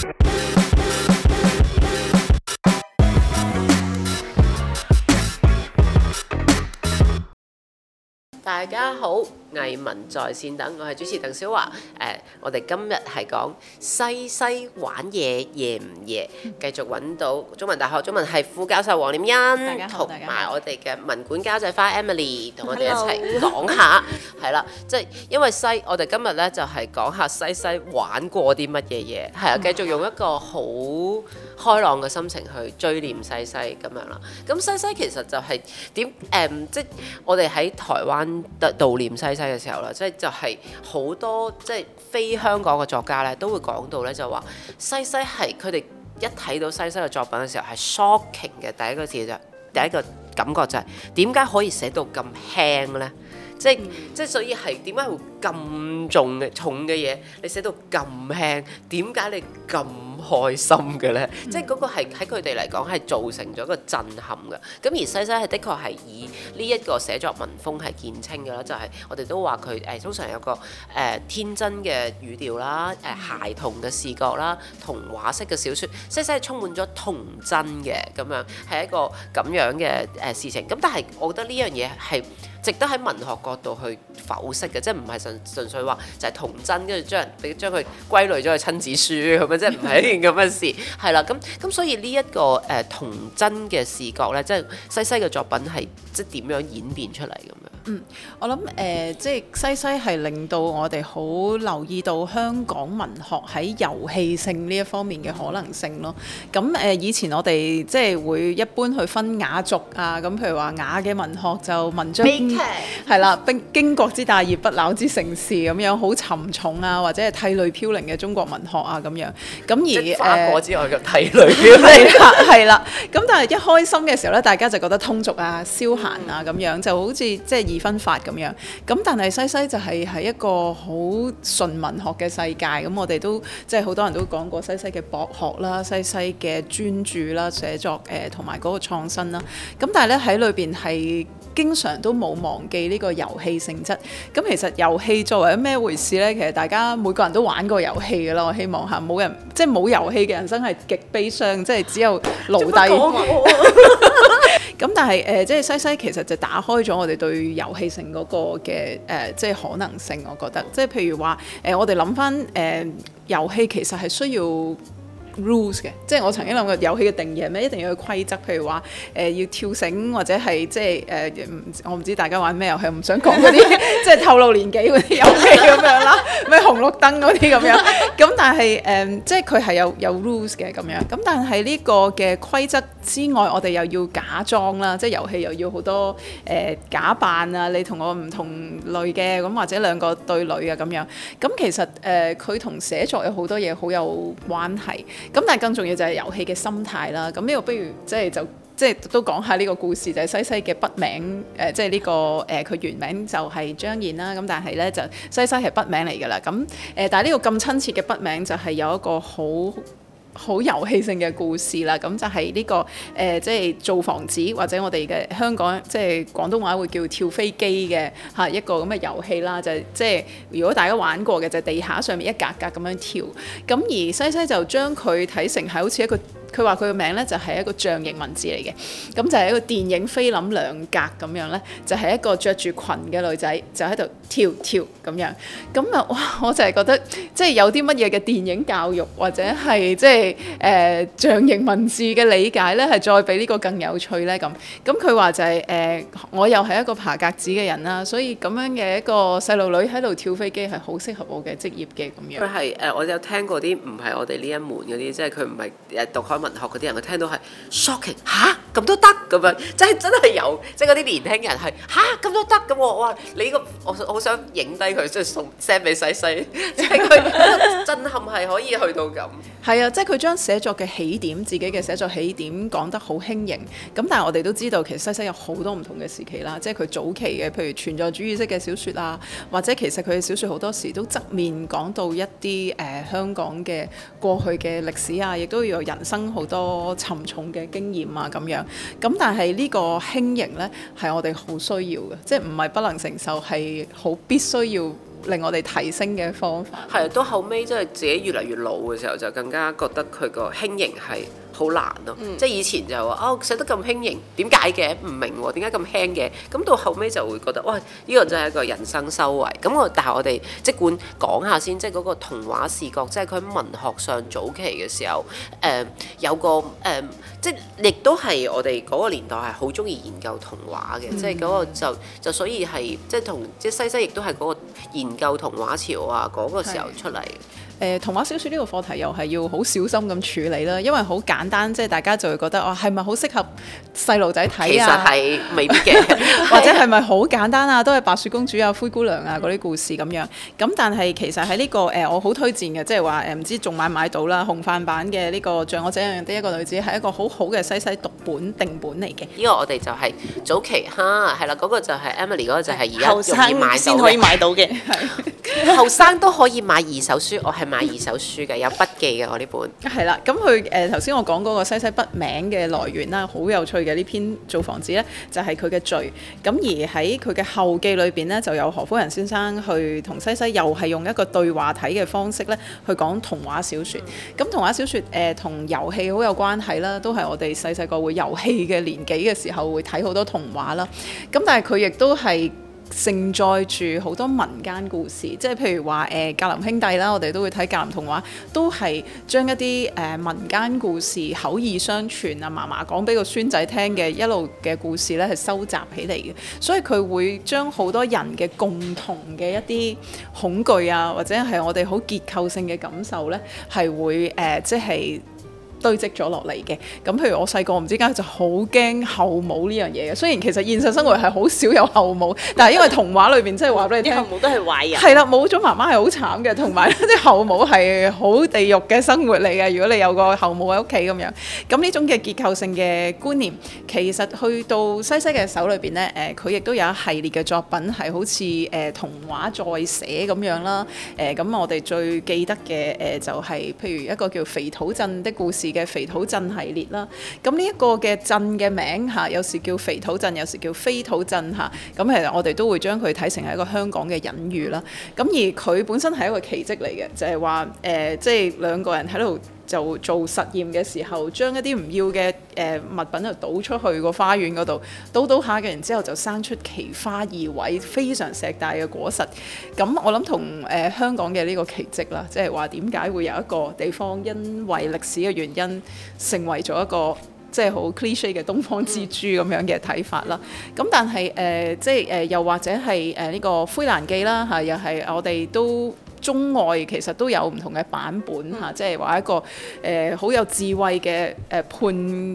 大家好。藝文在線等，我係主持鄧小樺。誒、呃，我哋今日係講西西玩嘢夜唔夜，繼續揾到中文大學中文系副教授黃念欣，大家好，大家好，同埋我哋嘅文管交際花 Emily，同我哋一齊講下，係啦 Hello，即係、就是、因為西，我哋今日咧就係講下西西玩過啲乜嘢嘢，係啊，繼續用一個好開朗嘅心情去追念西西咁樣啦。咁西西其實就係、是、點？誒、嗯，即、就是、我哋喺台灣度悼念西西嘅時候啦，即係就係好多即係非香港嘅作家咧，都會講到咧就話西西係佢哋一睇到西西嘅作品嘅時候係 shocking 嘅，第一個字就係、第一個感覺就係點解可以寫到咁輕咧？即係即係所以係點解會？咁重嘅重嘅嘢，你寫到咁輕，點解你咁開心嘅咧？嗯、即係嗰個係喺佢哋嚟講係造成咗一個震撼嘅。咁而西西係的確係以呢一個寫作文風係見稱嘅啦，就係、是、我哋都話佢誒通常有個誒、呃、天真嘅語調啦，誒、呃、孩童嘅視覺啦，童話式嘅小說，西西係充滿咗童真嘅咁樣係一個咁樣嘅誒事情。咁但係我覺得呢樣嘢係值得喺文學角度去剖析嘅，即係唔係。純粹話就係童真，跟住將人哋將佢歸類咗去親子書，咁樣即係唔係一件咁嘅事，係啦。 咁咁所以呢、這、一個誒、呃、童真嘅視角咧，即係西西嘅作品係即係點樣演變出嚟咁樣。嗯，我諗誒、呃，即係西西係令到我哋好留意到香港文學喺遊戲性呢一方面嘅可能性咯。咁誒、呃，以前我哋即係會一般去分雅俗啊，咁譬如話雅嘅文學就文章係啦，經歸、嗯、國之大業不朽之盛事咁樣好沉重啊，或者係涕淚飄零嘅中國文學啊咁樣。咁而花果之外嘅涕淚飄零係啦。咁 但係一開心嘅時候咧，大家就覺得通俗啊、消閒啊咁樣，就好似即係。即二分法咁樣，咁但係西西就係、是、喺一個好純文學嘅世界，咁我哋都即係好多人都講過西西嘅博學啦，西西嘅專注啦，寫作誒同埋嗰個創新啦，咁但係咧喺裏邊係。經常都冇忘記呢個遊戲性質，咁其實遊戲作為咩回事呢？其實大家每個人都玩過遊戲噶啦，我希望吓冇人，即係冇遊戲嘅人生係極悲傷，即係 只有奴隸。咁 但係誒、呃，即係西西其實就打開咗我哋對遊戲性嗰個嘅誒、呃，即係可能性，我覺得即係譬如話誒、呃，我哋諗翻誒，遊戲其實係需要。rules 嘅，即係我曾經諗過遊戲嘅定義係咩？一定要有規則，譬如話誒、呃、要跳繩或者係即係誒、呃，我唔知大家玩咩遊戲，唔想講嗰啲即係透露年紀嗰啲遊戲咁樣啦，咪 紅綠燈嗰啲咁樣。咁 但係誒、呃，即係佢係有有 rules 嘅咁樣。咁但係呢個嘅規則之外，我哋又要假裝啦，即係遊戲又要好多誒、呃、假扮啊，你同我唔同類嘅咁，或者兩個對壘啊咁樣。咁其實誒，佢、呃、同寫作有好多嘢好有關係。咁但係更重要就係遊戲嘅心態啦。咁呢個不如即係就即係都講下呢個故事，就係、是、西西嘅筆名。誒、呃，即係呢、這個誒，佢、呃、原名就係張燕啦。咁但係咧就西西係筆名嚟㗎啦。咁誒、呃，但係呢個咁親切嘅筆名就係有一個好好遊戲性嘅故事啦，咁就係呢、這個誒，即、呃、係、就是、做房子或者我哋嘅香港即係、就是、廣東話會叫跳飛機嘅嚇一個咁嘅遊戲啦，就即、是、係、就是、如果大家玩過嘅就是、地下上面一格格咁樣跳，咁而西西就將佢睇成係好似一個。佢話佢個名咧就係一個象形文字嚟嘅，咁就係一個電影菲林兩格咁樣咧，就係、是、一個着住裙嘅女仔就喺度跳跳咁樣，咁啊哇！我就係覺得即係有啲乜嘢嘅電影教育或者係即係誒、呃、象形文字嘅理解咧，係再比呢個更有趣咧咁。咁佢話就係、是、誒、呃，我又係一個爬格子嘅人啦，所以咁樣嘅一個細路女喺度跳飛機係好適合我嘅職業嘅咁樣。佢係誒，我有聽過啲唔係我哋呢一門嗰啲，即係佢唔係誒讀開。文學嗰啲人，我聽到係 shocking 吓。咁都得咁樣！即係真係有，即係嗰啲年輕人係吓，咁都得咁喎！哇、啊！你呢、這個我好想影低佢，即係送 send 俾西西，即係佢 震撼係可以去到咁。係啊，即係佢將寫作嘅起點，自己嘅寫作起點講得好輕盈。咁但係我哋都知道，其實西西有好多唔同嘅時期啦。即係佢早期嘅，譬如存在主義式嘅小説啊，或者其實佢嘅小説好多時都側面講到一啲誒、呃、香港嘅過去嘅歷史啊，亦都要有人生好多沉重嘅經驗啊咁樣。咁但係呢個輕盈呢，係我哋好需要嘅，即係唔係不能承受，係好必須要令我哋提升嘅方法。係啊，到後尾，即係自己越嚟越老嘅時候，就更加覺得佢個輕盈係。好難咯、啊，嗯、即係以前就話哦，寫得咁輕盈，點解嘅？唔明喎、啊，點解咁輕嘅？咁到後尾就會覺得，哇！呢、這個真係一個人生修為。咁我但係我哋即管講下先，即係嗰個童話視角，即係佢文學上早期嘅時候，誒、呃、有個誒、呃，即係亦都係我哋嗰個年代係好中意研究童話嘅，即係嗰個就就所以係即係同即係西西，亦都係嗰個研究童話潮啊，嗰、那個時候出嚟。誒童、呃、話小説，呢個課題又係要好小心咁處理啦，因為好簡單，即係大家就會覺得哦，係咪好適合細路仔睇，其實係未必嘅， 或者係咪好簡單啊？都係白雪公主啊、灰姑娘啊嗰啲故事咁樣。咁、嗯、但係其實喺呢、這個誒、呃，我好推薦嘅，即係話誒，唔、呃、知仲買唔買到啦？洪範版嘅呢、這個《像我這樣的一個女子》，係一個好好嘅西西讀本定本嚟嘅。呢個我哋就係早期哈係啦，嗰、那個就係 Emily 嗰個就係而家容易先可以買到嘅，後生都可以買二手書，我係。買二手書嘅有筆記嘅，我呢本係啦，咁佢誒頭先我講嗰個西西筆名嘅來源啦，好有趣嘅。呢篇做房子呢，就係佢嘅序。咁而喺佢嘅後記裏邊呢，就有何福仁先生去同西西又係用一個對話體嘅方式呢去講童話小説。咁、嗯、童話小説誒同遊戲好有關係啦，都係我哋細細個會遊戲嘅年紀嘅時候會睇好多童話啦。咁但係佢亦都係。盛載住好多民間故事，即係譬如話誒、欸、格林兄弟啦，我哋都會睇格林童話，都係將一啲誒、呃、民間故事口耳相傳啊，嫲嫲講俾個孫仔聽嘅一路嘅故事呢，係收集起嚟嘅。所以佢會將好多人嘅共同嘅一啲恐懼啊，或者係我哋好結構性嘅感受呢，係會誒、呃、即係。堆積咗落嚟嘅，咁譬如我細個唔知點解就好驚後母呢樣嘢嘅。雖然其實現實生活係好少有後母， 但係因為童話裏邊即係話俾你聽，後母都係壞人。係啦，冇咗媽媽係好慘嘅，同埋啲後母係好地獄嘅生活嚟嘅。如果你有個後母喺屋企咁樣，咁呢種嘅結構性嘅觀念，其實去到西西嘅手裏邊呢，誒佢亦都有一系列嘅作品係好似誒、呃、童話再寫咁樣啦。誒、呃、咁我哋最記得嘅誒、呃、就係、是、譬如一個叫《肥土鎮的故事》。嘅肥土鎮系列啦，咁呢一個嘅鎮嘅名嚇，有時叫肥土鎮，有時叫飛土鎮嚇，咁其實我哋都會將佢睇成係一個香港嘅隱喻啦。咁而佢本身係一個奇蹟嚟嘅，就係話誒，即係兩個人喺度。就做實驗嘅時候，將一啲唔要嘅誒、呃、物品就倒出去個花園嗰度，倒倒下嘅，然之後就生出奇花異卉、非常碩大嘅果實。咁我諗同誒香港嘅呢個奇蹟啦，即係話點解會有一個地方因為歷史嘅原因成為咗一個即係、就、好、是、cliche 嘅東方之珠咁樣嘅睇法啦。咁但係誒、呃，即係誒、呃，又或者係誒呢個灰闌記啦，嚇、啊，又係我哋都。中外其實都有唔同嘅版本嚇，即係話一個誒好、呃、有智慧嘅誒、呃、判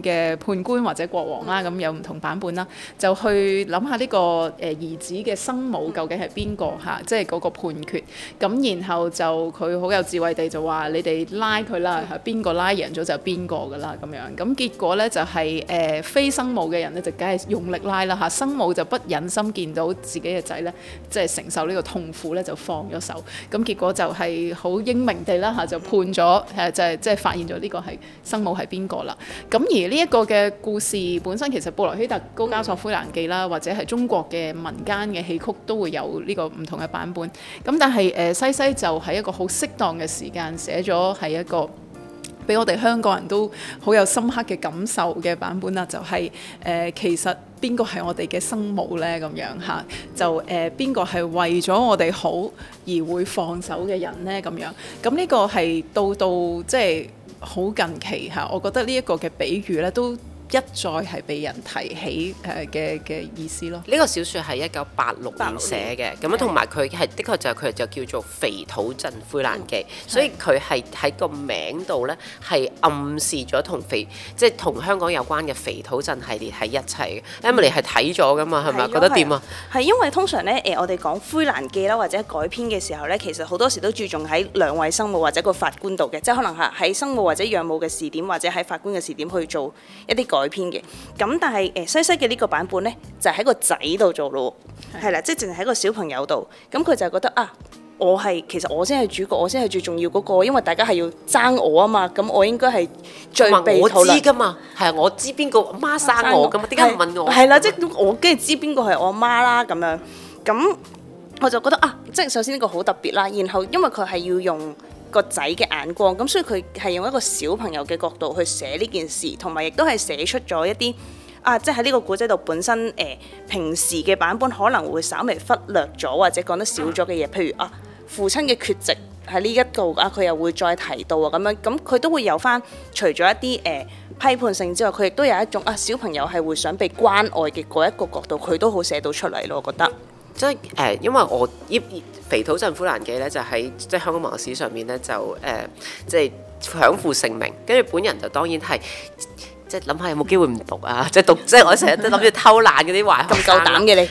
嘅判官或者國王啦，咁、啊嗯、有唔同版本啦，就去諗下呢個誒兒子嘅生母究竟係邊個嚇？即係嗰個判決，咁然後就佢好有智慧地就話：你哋拉佢啦，邊個拉贏咗就邊個㗎啦咁樣。咁結果呢就係誒非生母嘅人呢，就梗係用力拉啦嚇、啊，生母就不忍心見到自己嘅仔呢，即、就、係、是、承受呢個痛苦呢，就放咗手。咁結個就係好英明地啦嚇，就判咗誒，就係即係發現咗呢個係生母係邊個啦。咁而呢一個嘅故事本身其實《布萊希特〈高加索灰闌記〉》啦，或者係中國嘅民間嘅戲曲都會有呢個唔同嘅版本。咁但係誒西西就喺一個好適當嘅時間寫咗係一個俾我哋香港人都好有深刻嘅感受嘅版本啦，就係、是、誒、呃、其實。邊個係我哋嘅生母呢？咁樣嚇，就誒邊個係為咗我哋好而會放手嘅人呢？咁樣，咁呢個係到到即係好近期嚇，我覺得呢一個嘅比喻呢都。一再係被人提起誒嘅嘅意思咯。呢個小説係一九八六年寫嘅，咁樣同埋佢係的確就係、是、佢就叫做《肥土鎮灰闌記》，嗯，所以佢係喺個名度呢，係暗示咗同肥，即係同香港有關嘅肥土鎮系列喺一齊嘅。Emily 係睇咗噶嘛，係咪？覺得點啊？係因為通常呢，誒我哋講灰闌記啦，或者改編嘅時候呢，其實好多時都注重喺兩位生母或者個法官度嘅，即係可能係喺生母或者養母嘅視點，或者喺法官嘅視點去做一啲改編嘅，咁但係誒、呃、西西嘅呢個版本咧，就喺、是、個仔度做咯，係啦的，即係淨係喺個小朋友度，咁佢就覺得啊，我係其實我先係主角，我先係最重要嗰、那個，因為大家係要爭我啊嘛，咁我應該係最被討論。我知噶嘛，係啊，我知邊個媽生我，咁點解唔問我？係啦，即係我梗係知邊個係我媽啦，咁樣，咁我就覺得啊，即係首先呢個好特別啦，然後因為佢係要用。個仔嘅眼光，咁所以佢係用一個小朋友嘅角度去寫呢件事，同埋亦都係寫出咗一啲啊，即係呢個古仔度本身誒、呃，平時嘅版本可能會稍微忽略咗或者講得少咗嘅嘢，譬如啊，父親嘅缺席喺呢一度啊，佢又會再提到喎咁樣，咁佢都會有翻除咗一啲誒、呃、批判性之外，佢亦都有一種啊小朋友係會想被關愛嘅嗰一個角度，佢都好寫到出嚟咯，我覺得。即係誒，因為我《肥土鎮夫難記》咧，就喺即係香港文學史上面咧，就誒即係享負盛名。跟住本人就當然係即係諗下有冇機會唔讀啊？即、就、係、是、讀，即、就、係、是、我成日都諗住偷懶嗰啲壞咁 夠膽嘅你係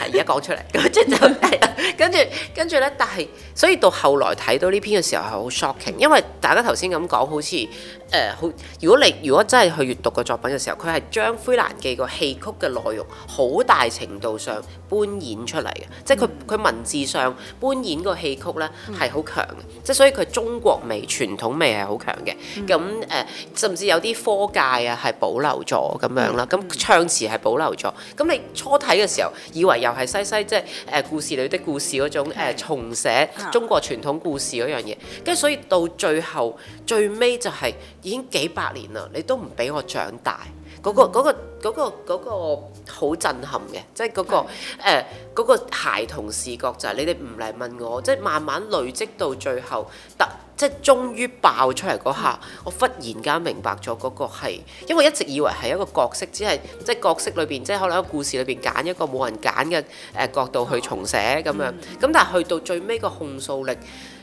而家講出嚟。咁即係跟住跟住咧，但係所以到後來睇到呢篇嘅時候係好 shocking，因為大家頭先咁講好似。誒好、呃，如果你如果真係去閱讀個作品嘅時候，佢係將《灰闌記》個戲曲嘅內容好大程度上搬演出嚟嘅，即係佢佢文字上搬演個戲曲咧係好強嘅，即係所以佢中國味、傳統味係好強嘅。咁誒、嗯呃，甚至有啲科介啊係保留咗咁樣啦，咁、嗯、唱詞係保留咗。咁你初睇嘅時候以為又係西西即係誒故事裏的故事嗰種、嗯、重寫中國傳統故事嗰樣嘢，跟住所以到最後最尾就係、是。已經幾百年啦，你都唔俾我長大，嗰、嗰個嗰、嗯嗰個好、嗰個嗰個、震撼嘅，即係嗰、嗰個誒嗰個、呃嗰個、孩童視角就係你哋唔嚟問我，即係慢慢累積到最後，突即係終於爆出嚟嗰下，嗯、我忽然間明白咗嗰個係，因為一直以為係一個角色，只係即係角色裏邊，即係可能喺故事裏邊揀一個冇人揀嘅誒角度去重寫咁樣，咁、嗯、但係去到最尾個控訴力。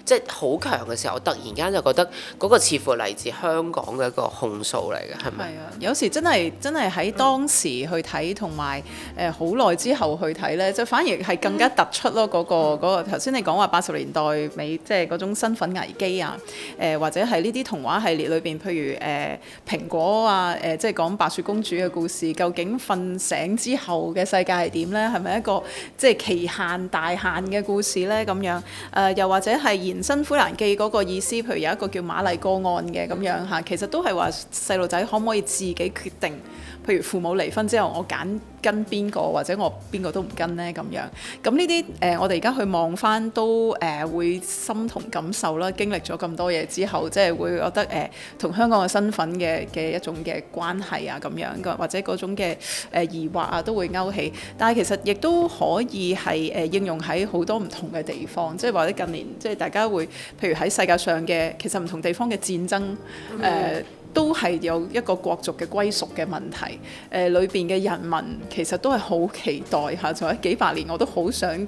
即係好強嘅時候，我突然間就覺得嗰個似乎嚟自香港嘅一個控訴嚟嘅，係咪？係啊，有時真係真係喺當時去睇同埋誒好耐之後去睇咧，就反而係更加突出咯嗰、那個嗰、那個頭先你講話八十年代尾即係嗰種身份危機啊誒、呃、或者係呢啲童話系列裏邊譬如誒蘋、呃、果啊誒、呃、即係講白雪公主嘅故事，究竟瞓醒之後嘅世界係點咧？係咪一個即係期限大限嘅故事咧咁樣誒、呃、又或者係。人生灰闌記嗰、那個意思，譬如有一個叫瑪麗個案嘅咁樣吓，其實都係話細路仔可唔可以自己決定？譬如父母離婚之後，我揀跟邊個，或者我邊個都唔跟呢？咁樣。咁呢啲誒，我哋而家去望翻都誒、呃、會心同感受啦。經歷咗咁多嘢之後，即係會覺得誒同、呃、香港嘅身份嘅嘅一種嘅關係啊咁樣，個或者嗰種嘅誒、呃、疑惑啊都會勾起。但係其實亦都可以係誒、呃、應用喺好多唔同嘅地方，即係或者近年即係大家會譬如喺世界上嘅其實唔同地方嘅戰爭誒。呃 mm hmm. 都係有一個國族嘅歸屬嘅問題。誒、呃、裏邊嘅人民其實都係好期待嚇，仲有幾百年我都好想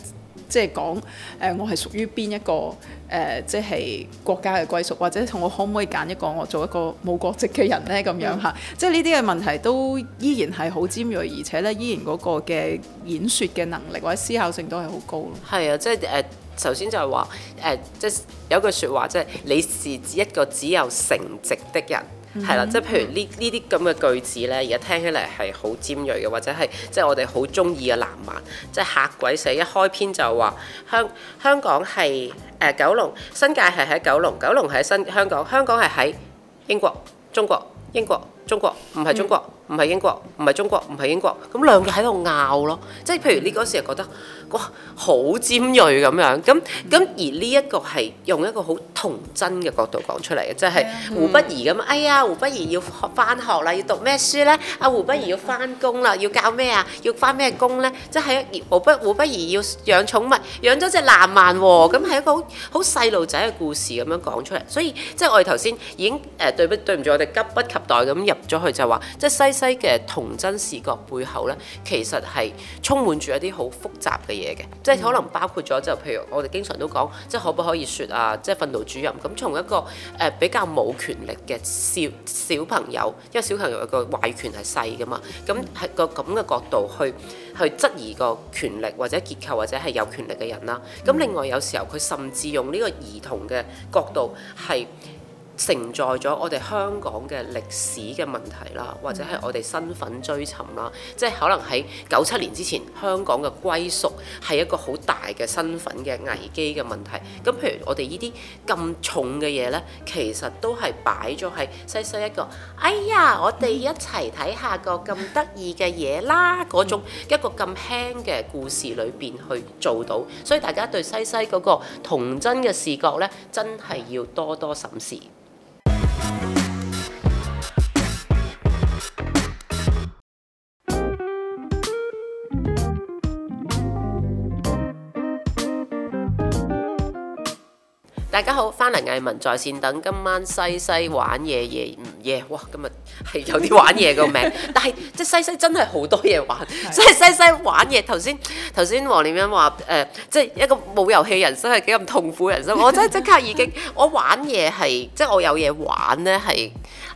即係講誒，我係屬於邊一個誒，即、呃、係、就是、國家嘅歸屬，或者同我可唔可以揀一個我做一個冇國籍嘅人呢？咁樣嚇，即係呢啲嘅問題都依然係好尖鋭，而且呢，依然嗰個嘅演説嘅能力或者思考性都係好高咯。係啊，即係誒，首先就係話誒，即、呃、係、就是、有句説話即、就、係、是、你是指一個只有成績的人。係啦、mm hmm，即係譬如呢呢啲咁嘅句子呢，而家聽起嚟係好尖鋭嘅，或者係即係我哋好中意嘅南漫，即係嚇鬼死！一開篇就話香香港係誒、呃、九龍，新界係喺九龍，九龍喺新香港，香港係喺英國、中國、英國，中國唔係中國，唔係英國，唔係中國，唔係英國，咁兩個喺度拗咯，即係譬如你嗰時係覺得哇好尖銳咁樣，咁咁而呢一個係用一個好童真嘅角度講出嚟嘅，即係胡不疑咁，哎呀胡不疑要學翻學啦，要讀咩書咧？阿、啊、胡不疑要翻工啦，要教咩啊？要翻咩工咧？即係胡不胡不疑要養寵物，養咗隻藍曼喎，咁係一個好好細路仔嘅故事咁樣講出嚟，所以即係我哋頭先已經誒、呃、對不對唔住我哋急不及待咁咗佢就話，即係西西嘅童真視覺背後咧，其實係充滿住一啲好複雜嘅嘢嘅，即係可能包括咗就譬如我哋經常都講，即係可不可以説啊，即係訓導主任咁從一個誒比較冇權力嘅小小朋友，因為小朋友個話語權係細㗎嘛，咁喺個咁嘅角度去去質疑個權力或者結構或者係有權力嘅人啦。咁另外有時候佢甚至用呢個兒童嘅角度係。承載咗我哋香港嘅歷史嘅問題啦，或者係我哋身份追尋啦，即係可能喺九七年之前，香港嘅歸屬係一個好大嘅身份嘅危機嘅問題。咁譬如我哋呢啲咁重嘅嘢呢，其實都係擺咗喺西西一個，哎呀，我哋一齊睇下個咁得意嘅嘢啦嗰種一個咁輕嘅故事裏邊去做到。所以大家對西西嗰個童真嘅視覺呢，真係要多多審視。大家好，翻嚟藝文在線等，今晚西西玩嘢夜唔夜，夜，哇！今日係有啲玩嘢個名， 但係即係西西真係好多嘢玩，所以 西西玩嘢。頭先頭先黃念欣話誒，即係、呃就是、一個冇遊戲嘅人生係幾咁痛苦人生，我真係即刻已經我玩嘢係，即、就、係、是、我有嘢玩咧係。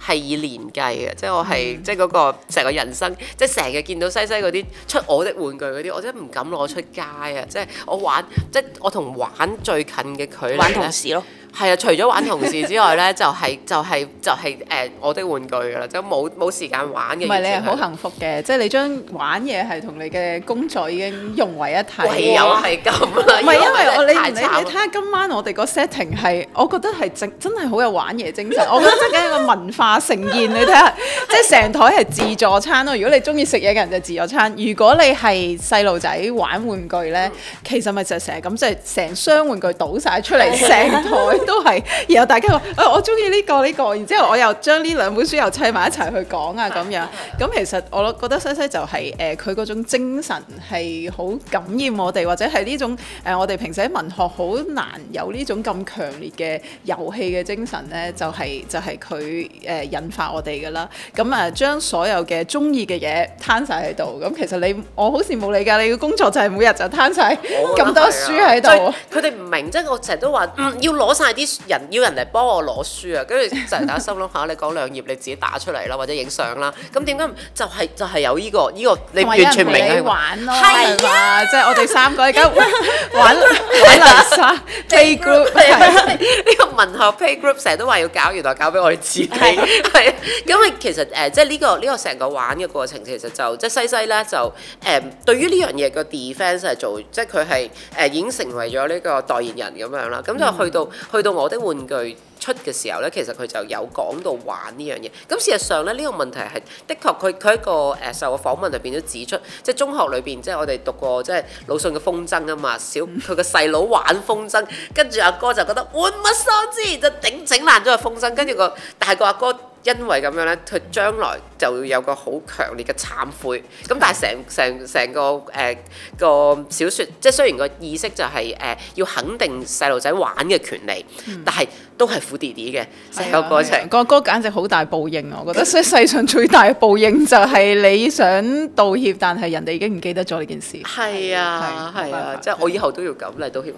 係以年計嘅，即係我係即係嗰個成個人生，即係成日見到西西嗰啲出我的玩具嗰啲，我真係唔敢攞出街啊！即係我玩，即係我同玩最近嘅距離玩同事咯。係啊，除咗玩同事之外咧，就係就係就係誒我的玩具㗎啦，即係冇冇時間玩嘅。唔係你好幸福嘅，即係你將玩嘢係同你嘅工作已經融為一體。唯有係咁啦。唔係因為我你你，睇下今晚我哋個 setting 係，我覺得係真真係好有玩嘢精神。我覺得即係一個文化盛宴，你睇下，即係成台係自助餐咯。如果你中意食嘢嘅人就自助餐，如果你係細路仔玩玩具咧，其實咪就成咁即係成箱玩具倒晒出嚟成台。 都係，然後大家話，誒、啊，我中意呢個呢、呢個，然之後我又將呢兩本書又砌埋一齊去講啊咁樣，咁、啊、其實我覺得西西就係誒佢嗰種精神係好感染我哋，或者係呢種誒、呃、我哋平時喺文學好難有呢種咁強烈嘅遊戲嘅精神咧，就係、是、就係佢誒引發我哋噶啦。咁、嗯、啊，將所有嘅中意嘅嘢攤晒喺度。咁、嗯、其實你我好羨慕你㗎，你嘅工作就係每日就攤晒咁多書喺度。佢哋唔明，即係我成日都話嗯，要攞晒。啲人要人嚟幫我攞書啊！跟住就打心諗下你講兩頁，你自己打出嚟啦，或者影相啦。咁點解就係就係有呢個呢個你完全明玩咯，係啊！即係我哋三個而家玩玩啦，playgroup 呢個文學 playgroup 成日都話要搞，原來搞俾我哋自己。係，因為其實誒，即係呢個呢個成個玩嘅過程，其實就即係西西咧，就誒對於呢樣嘢個 defence 係做，即係佢係誒已經成為咗呢個代言人咁樣啦。咁就去到去到我的玩具出嘅時候咧，其實佢就有講到玩呢樣嘢。咁事實上咧，呢、這個問題係的確，佢佢一個誒、呃、受個訪問裏邊都指出，即係中學裏邊，即係我哋讀過，即係魯迅嘅《風箏》啊嘛，小佢嘅細佬玩風箏，跟住阿哥就覺得 玩乜，喪志，玩物喪志，就整整爛咗個風箏，跟住個大個阿哥。因為咁樣咧，佢將來就要有個好強烈嘅懺悔。咁但係成成成個誒個小説，即係雖然個意識就係誒要肯定細路仔玩嘅權利，但係都係苦弟弟嘅成個過程。個歌簡直好大報應，我覺得。所以世上最大報應就係你想道歉，但係人哋已經唔記得咗呢件事。係啊，係啊，即係我以後都要咁嚟道歉。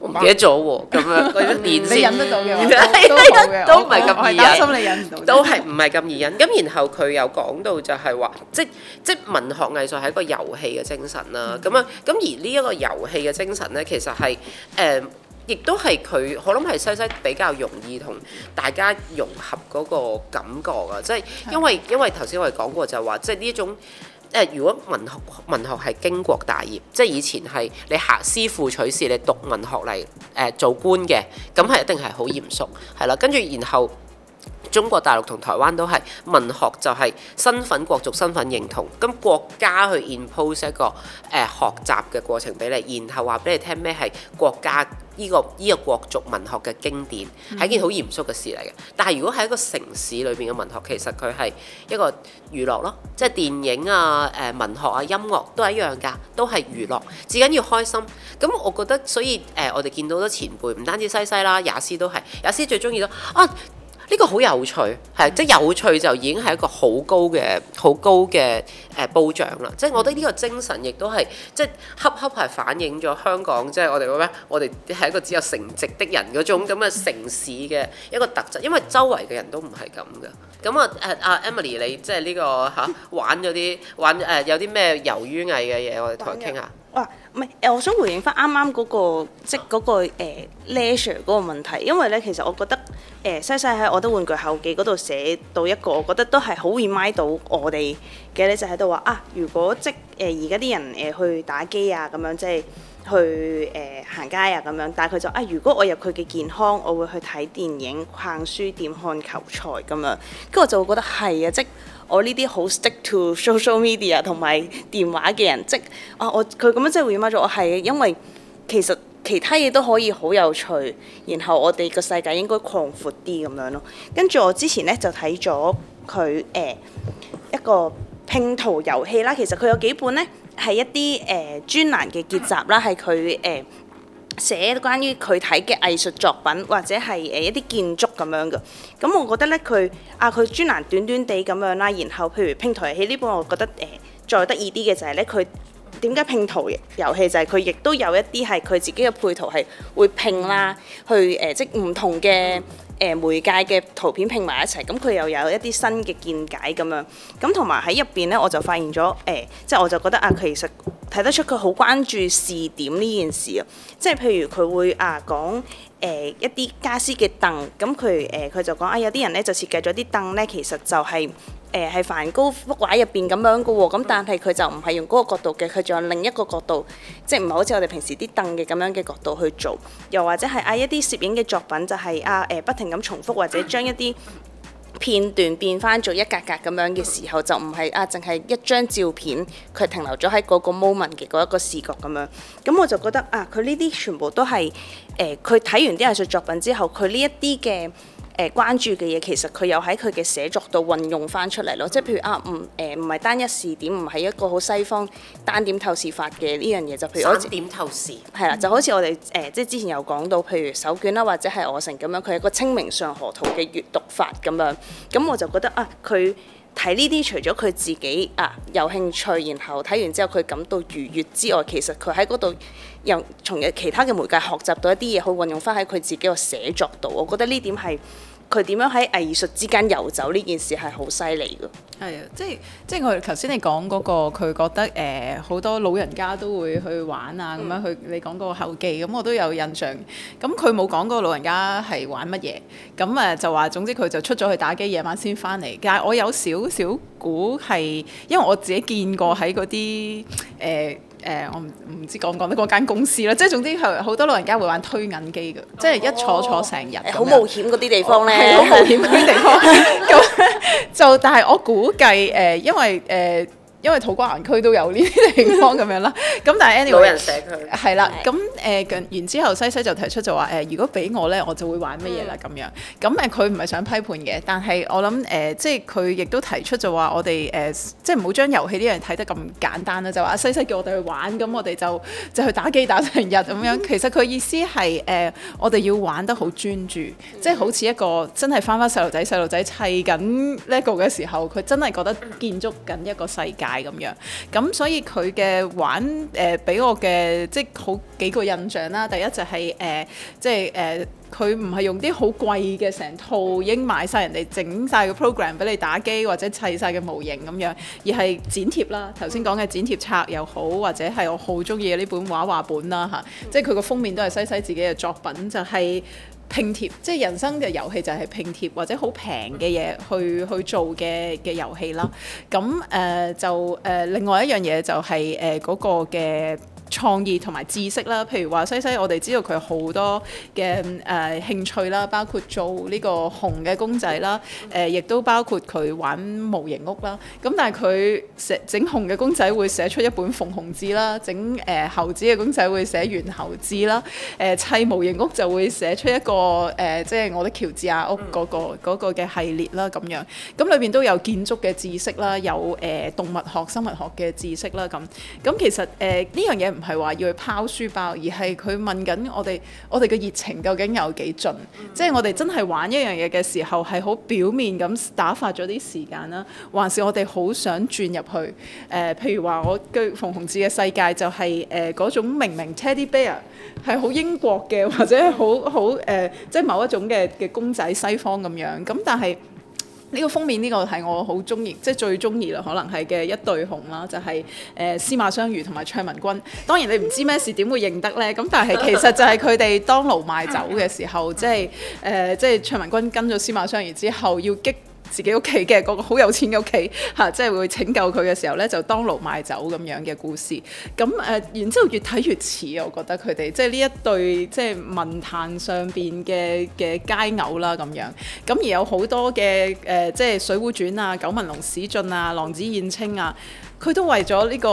唔記得咗喎，咁、哦啊、樣過一年先。 線你忍得到都唔係咁易忍，都係唔係咁易忍。咁然後佢又講到就係話，即、就、即、是就是、文學藝術係一個遊戲嘅精神啦。咁啊、嗯，咁而呢一個遊戲嘅精神咧，其實係誒，亦、呃、都係佢，我諗係西西比較容易同大家融合嗰個感覺啊。即、就、係、是、因為的因為頭先我哋講過就係話，即呢一種。誒，如果文學文學係經國大業，即係以前係你下師傅取士，你讀文學嚟誒、呃、做官嘅，咁係一定係好嚴肅，係啦，跟住然後。中國大陸同台灣都係文學就係身份、國族身份認同，咁國家去 impose 一個誒學習嘅過程俾你，然後話俾你聽咩係國家呢個呢個國族文學嘅經典，係一件好嚴肅嘅事嚟嘅。但係如果係一個城市裏邊嘅文學，其實佢係一個娛樂咯，即係電影啊、誒文學啊、音樂都係一樣噶，都係娛樂，至緊要開心。咁我覺得，所以誒我哋見到好多前輩，唔單止西西啦，也斯都係，也斯最中意咯啊。呢個好有趣，係即係有趣就已經係一個好高嘅好高嘅誒褒獎啦！即係我覺得呢個精神亦都係即係恰恰係反映咗香港，即、就、係、是、我哋咩？我哋係一個只有成績的人嗰種咁嘅城市嘅一個特質，因為周圍嘅人都唔係咁嘅。咁、這個、啊誒阿 Emily，你即係呢個嚇玩咗啲玩誒、呃、有啲咩游於藝嘅嘢，我哋同佢傾下。唔係，誒，我想回應翻啱啱嗰個即嗰、嗰個 leisure 嗰個問題，因為咧其實我覺得誒、呃、西西喺我的玩具後記嗰度寫到一個，我覺得都係好易買到我哋嘅咧，就喺度話啊，如果即誒而家啲人誒、呃、去打機啊咁樣，即係去誒、呃、行街啊咁樣，但係佢就啊，如果我入佢嘅健康，我會去睇電影、逛書店、看球賽咁樣，跟住我就會覺得係啊，即。我呢啲好 stick to social media 同埋電話嘅人，即啊我佢咁樣即係會 m 咗。我係因為其實其他嘢都可以好有趣，然後我哋個世界應該擴闊啲咁樣咯。跟住我之前咧就睇咗佢誒一個拼圖遊戲啦。其實佢有幾本咧係一啲誒、呃、專欄嘅結集啦，係佢誒。呃寫關於佢睇嘅藝術作品或者係誒一啲建築咁樣嘅，咁我覺得咧佢啊佢專欄短短地咁樣啦，然後譬如拼圖遊戲呢本，我覺得誒再得意啲嘅就係咧佢點解拼圖遊戲就係佢亦都有一啲係佢自己嘅配圖係會拼啦，去誒、呃、即唔同嘅。誒、呃、媒介嘅圖片拼埋一齊，咁、嗯、佢又有一啲新嘅見解咁樣，咁同埋喺入邊呢，我就發現咗誒、呃，即係我就覺得啊，其實睇得出佢好關注視點呢件事啊，即係譬如佢會啊講誒、呃、一啲傢俬嘅凳，咁佢誒佢就講啊，有啲人呢就設計咗啲凳呢，其實就係、是。誒係梵高幅畫入邊咁樣嘅喎，咁但係佢就唔係用嗰個角度嘅，佢仲有另一個角度，即係唔係好似我哋平時啲凳嘅咁樣嘅角度去做，又或者係啊一啲攝影嘅作品就係、是、啊誒、呃、不停咁重複或者將一啲片段變返做一格格咁樣嘅時候，就唔係啊淨係一張照片佢停留咗喺嗰個 moment 嘅嗰一個視覺咁樣。咁我就覺得啊，佢呢啲全部都係誒，佢、啊、睇完啲藝術作品之後，佢呢一啲嘅。誒關注嘅嘢，其實佢又喺佢嘅寫作度運用翻出嚟咯，即係譬如啊，唔誒唔係單一視點，唔係一個好西方單點透視法嘅呢樣嘢，就譬如散點透視係啦，了嗯、就好似我哋誒、呃、即係之前有講到，譬如手卷啦，或者係我城咁樣，佢係一個清明上河圖嘅閲讀法咁樣，咁我就覺得啊，佢。睇呢啲除咗佢自己啊有興趣，然後睇完之後佢感到愉悅之外，其實佢喺嗰度又從其他嘅媒介學習到一啲嘢，去運用翻喺佢自己嘅寫作度。我覺得呢點係。佢點樣喺藝術之間遊走呢件事係好犀利㗎。係啊，即係即係我頭先你講嗰、那個，佢覺得誒好、呃、多老人家都會去玩啊，咁樣去、嗯、你講個後記，咁我都有印象。咁佢冇講嗰個老人家係玩乜嘢，咁誒、呃、就話總之佢就出咗去打機，夜晚先翻嚟。但係我有少少估係，因為我自己見過喺嗰啲誒。呃誒、呃，我唔唔知講唔講得嗰間公司啦，即係總之係好多老人家會玩推銀機㗎，哦、即係一坐坐成日，好、哦樣欸、冒險嗰啲地方咧，好冒險嗰啲地方。咁 就，但係我估計誒、呃，因為誒。呃因為土瓜灣區都有呢啲地方咁樣 way，啦，咁但係 Anyway 老人寫佢，係啦、嗯，咁誒然之之後，西西就提出就話誒、呃，如果俾我咧，我就會玩乜嘢啦咁樣。咁誒佢唔係想批判嘅，但係我諗誒、呃，即係佢亦都提出就話，我哋誒即係唔好將遊戲呢樣睇得咁簡單啦。就話阿西西叫我哋去玩，咁我哋就就去打機打成日咁樣。嗯、其實佢意思係誒、呃，我哋要玩得好專注，嗯、即係好似一個真係返返細路仔細路仔砌緊呢個嘅時候，佢真係覺得建築緊一個世界。 咁樣，咁、嗯、所以佢嘅玩誒俾、呃、我嘅即係好幾個印象啦。第一就係、是、誒、呃，即係誒，佢唔係用啲好貴嘅成套已經買晒人哋整晒嘅 program 俾你打機或者砌晒嘅模型咁樣，而係剪貼啦。頭先講嘅剪貼冊又好，或者係我好中意嘅呢本畫畫本啦嚇、啊，即係佢個封面都係西西自己嘅作品，就係、是。拼貼，即係人生嘅遊戲就係拼貼，或者好平嘅嘢去去做嘅嘅遊戲啦。咁誒、呃、就誒、呃、另外一樣嘢就係誒嗰個嘅。創意同埋知識啦，譬如話西西，我哋知道佢好多嘅誒、嗯呃、興趣啦，包括做呢個熊嘅公仔啦，誒、呃、亦都包括佢玩模型屋啦。咁、嗯、但係佢寫整熊嘅公仔會寫出一本縫《縫熊志》啦、呃，整誒猴子嘅公仔會寫完猴《猴、呃、志》啦，誒砌模型屋就會寫出一個誒、呃，即係我的喬治亞屋嗰、那個嘅、嗯、系列啦咁樣。咁裏邊都有建築嘅知識啦，有誒、呃、動物學、生物學嘅知識啦咁。咁、嗯、其實誒呢、呃、樣嘢。唔係話要去拋書包，而係佢問緊我哋，我哋嘅熱情究竟有幾盡？即係我哋真係玩一樣嘢嘅時候，係好表面咁打發咗啲時間啦，還是我哋好想轉入去、呃？譬如話我嘅縫熊志嘅世界就係誒嗰種明明 teddy bear 係好英國嘅，或者好好誒，即係某一種嘅嘅公仔西方咁樣。咁、嗯、但係。呢個封面呢，這個係我好中意，即係最中意啦，可能係嘅一對紅啦，就係、是、誒、呃、司馬相如同埋卓文君。當然你唔知咩事點會認得呢，咁但係其實就係佢哋當壚賣酒嘅時候， 即係誒、呃、即係卓文君跟咗司馬相如之後要激。自己屋企嘅個好有錢嘅屋企嚇，即係會拯救佢嘅時候呢，就當奴賣走咁樣嘅故事。咁誒、呃，然之後越睇越似，我覺得佢哋即係呢一對即係文壇上邊嘅嘅佳偶啦咁樣。咁而有好多嘅誒、呃，即係《水滸傳》啊，《九紋龍史進》啊，《浪子燕青》啊。佢都為咗呢個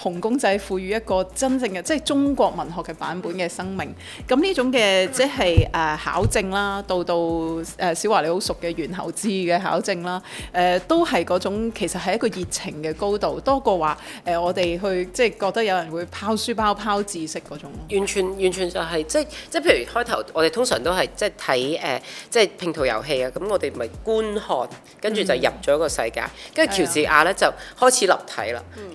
紅公仔賦予一個真正嘅，即係中國文學嘅版本嘅生命。咁呢種嘅即係誒考證啦，到到誒小華你好熟嘅猿猴志嘅考證啦，誒都係嗰種其實係一個熱情嘅高度，多過話誒我哋去即係覺得有人會拋書包拋知識嗰種。完全完全就係即係即係譬如開頭我哋通常都係即係睇誒即係拼圖遊戲啊，咁我哋咪觀看，跟住就入咗個世界，跟住喬治亞咧、嗯、就開始立體。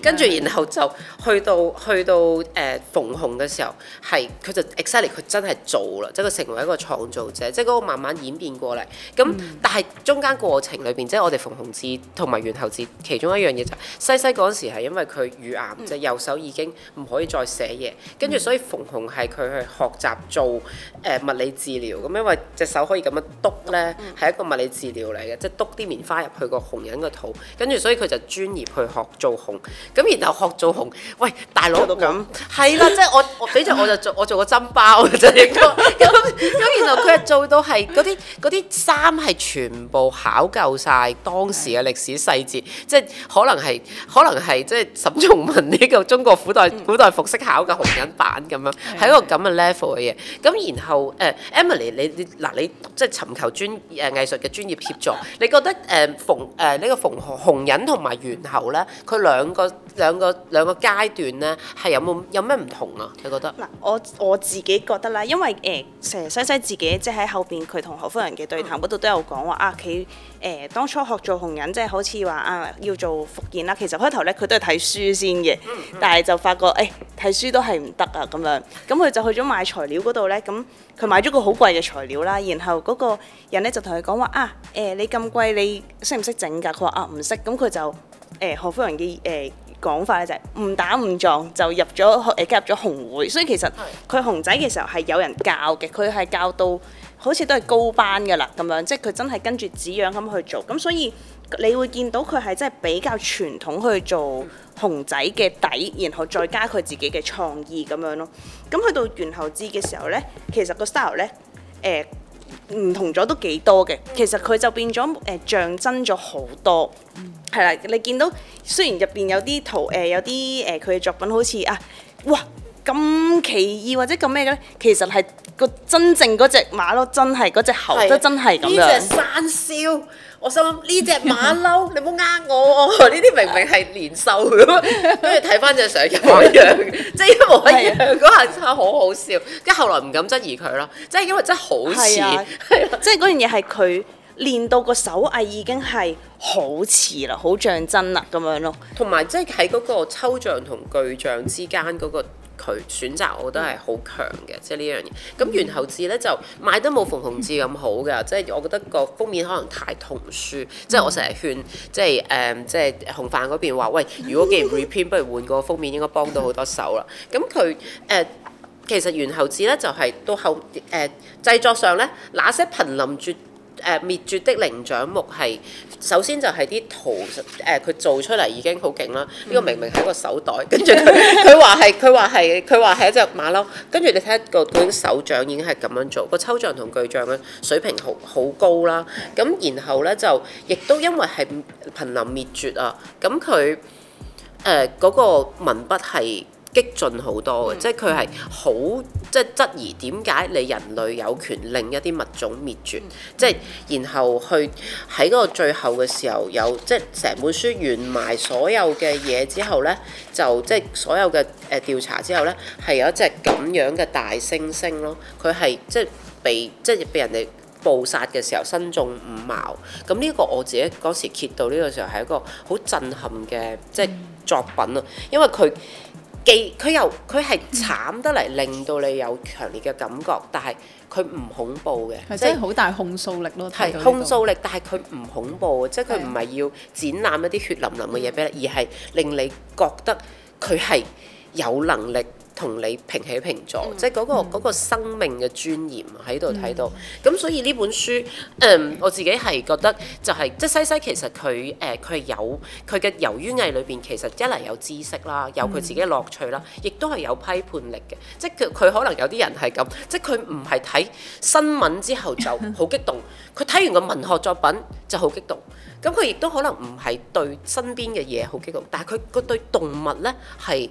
跟住、嗯、然後就去到、嗯、去到誒縫熊嘅時候，係佢就 e x c 佢真係做啦，即係佢成為一個創造者，即係嗰個慢慢演變過嚟。咁但係、嗯、中間過程裏邊，即係我哋縫熊志同埋猿猴志其中一樣嘢就是、西西嗰時係因為佢乳癌，即係、嗯、右手已經唔可以再寫嘢，跟住所以縫熊係佢去學習做誒、呃、物理治療，咁因為隻手可以咁樣篤咧，係一個物理治療嚟嘅，即係篤啲棉花入去個熊人個肚，跟住所以佢就專業去學做。熊咁，然後學做熊。喂，大佬都咁係啦，即係我我俾咗我就做，我做個針包就認咗。咁咁，然後佢做到係嗰啲嗰啲衫係全部考究晒當時嘅歷史細節，即係可能係可能係即係沈從文呢個中國古代古代服飾考嘅熊人版咁樣，喺一個咁嘅 level 嘅嘢。咁然後誒、呃、Emily 你、呃、你嗱你即係尋求專誒藝術嘅專業協助，你覺得誒縫誒呢個縫熊熊人同埋猿猴咧，佢兩兩個兩個兩個階段咧，係有冇有咩唔同啊？你覺得？嗱、啊，我我自己覺得啦，因為誒成日西西自己即喺後邊佢同何福仁嘅對談嗰度都有講話啊，佢誒、欸、當初學做紅人，即係好似話啊要做福建啦。其實開頭咧佢都係睇書先嘅，但係就發覺誒睇、欸、書都係唔得啊咁樣。咁佢就去咗買材料嗰度咧，咁佢買咗個好貴嘅材料啦，然後嗰個人咧就同佢講話啊誒、欸、你咁貴，你識唔識整㗎？佢話啊唔識，咁佢就。誒、欸、何夫人嘅誒、欸、講法咧就係、是、誤打誤撞就入咗誒入咗熊會，所以其實佢熊仔嘅時候係有人教嘅，佢係教到好似都係高班㗎喇咁樣，即係佢真係跟住紙樣咁去做，咁所以你會見到佢係真係比較傳統去做熊仔嘅底，然後再加佢自己嘅創意咁樣咯。咁去到猿猴志嘅時候咧，其實個 style 咧誒唔同咗都幾多嘅，其實佢就變咗誒、欸、象徵咗好多。係啦，你見到雖然入邊有啲圖，誒有啲誒佢嘅作品好似啊，哇咁奇異或者咁咩嘅咧，其實係個真正嗰隻馬騮真係嗰隻猴都真係咁樣。呢隻生肖，我心諗呢隻馬騮，你唔好呃我喎，呢啲明明係年獸嘅，跟住睇翻隻相又唔一樣，即係一模一樣，嗰下真係好好笑。跟住後來唔敢質疑佢咯，即係因為真係好似，即係嗰樣嘢係佢練到個手藝已經係。好似啦，好像真啦咁樣咯。同埋即係喺嗰個抽象同具象之間嗰個佢選擇，我覺得係好強嘅，即係呢樣嘢。咁猿猴志呢就賣得冇縫熊志咁好㗎，即係我覺得，、就是就是、我覺得個封面可能太童書。即、就、係、是、我成日勸，即係誒，即係洪範嗰邊話，喂，如果既然 reprint，不如換個封面，應該幫到好多手啦。咁佢誒其實猿猴志呢就係、是、都後誒、呃、製作上呢，那些瀕臨絕。誒、呃、滅絕的靈長目係首先就係啲圖誒，佢、呃、做出嚟已經好勁啦！呢、嗯、個明明係一個手袋，跟住佢佢話係佢話係佢話係一隻馬騮，跟住你睇下個嗰啲手掌已經係咁樣做個抽象同具象嘅水平好好高啦。咁然後呢，就亦都因為係瀕臨滅絕啊，咁佢誒嗰個文筆係。激進好多嘅，即係佢係好即係質疑點解你人類有權令一啲物種滅絕，即係然後去喺嗰個最後嘅時候有，即係成本書完埋所有嘅嘢之後咧，就即係所有嘅誒調查之後咧，係有一隻咁樣嘅大猩猩咯，佢係即係被即係被人哋捕殺嘅時候身中五矛，咁呢個我自己嗰時揭到呢個時候係一個好震撼嘅即係作品咯，因為佢。既佢又佢係慘得嚟，令到你有強烈嘅感覺，但係佢唔恐怖嘅，是即係是好大控訴力咯。係是控訴力，但係佢唔恐怖，的即係佢唔係要展覽一啲血淋淋嘅嘢俾你，嗯、而係令你覺得佢係有能力。同你平起平坐，嗯、即係、嗰個、嗯、嗰個生命嘅尊嚴喺度睇到，咁、嗯、所以呢本書誒、嗯、我自己係覺得就係即係西西其實佢誒佢係有佢嘅，由於藝裏邊其實一嚟有知識啦，有佢自己嘅樂趣啦，亦都係有批判力嘅，嗯、即係佢佢可能有啲人係咁，即係佢唔係睇新聞之後就好激動，佢睇 完個文學作品就好激動，咁佢亦都可能唔係對身邊嘅嘢好激動，但係佢佢對動物咧係。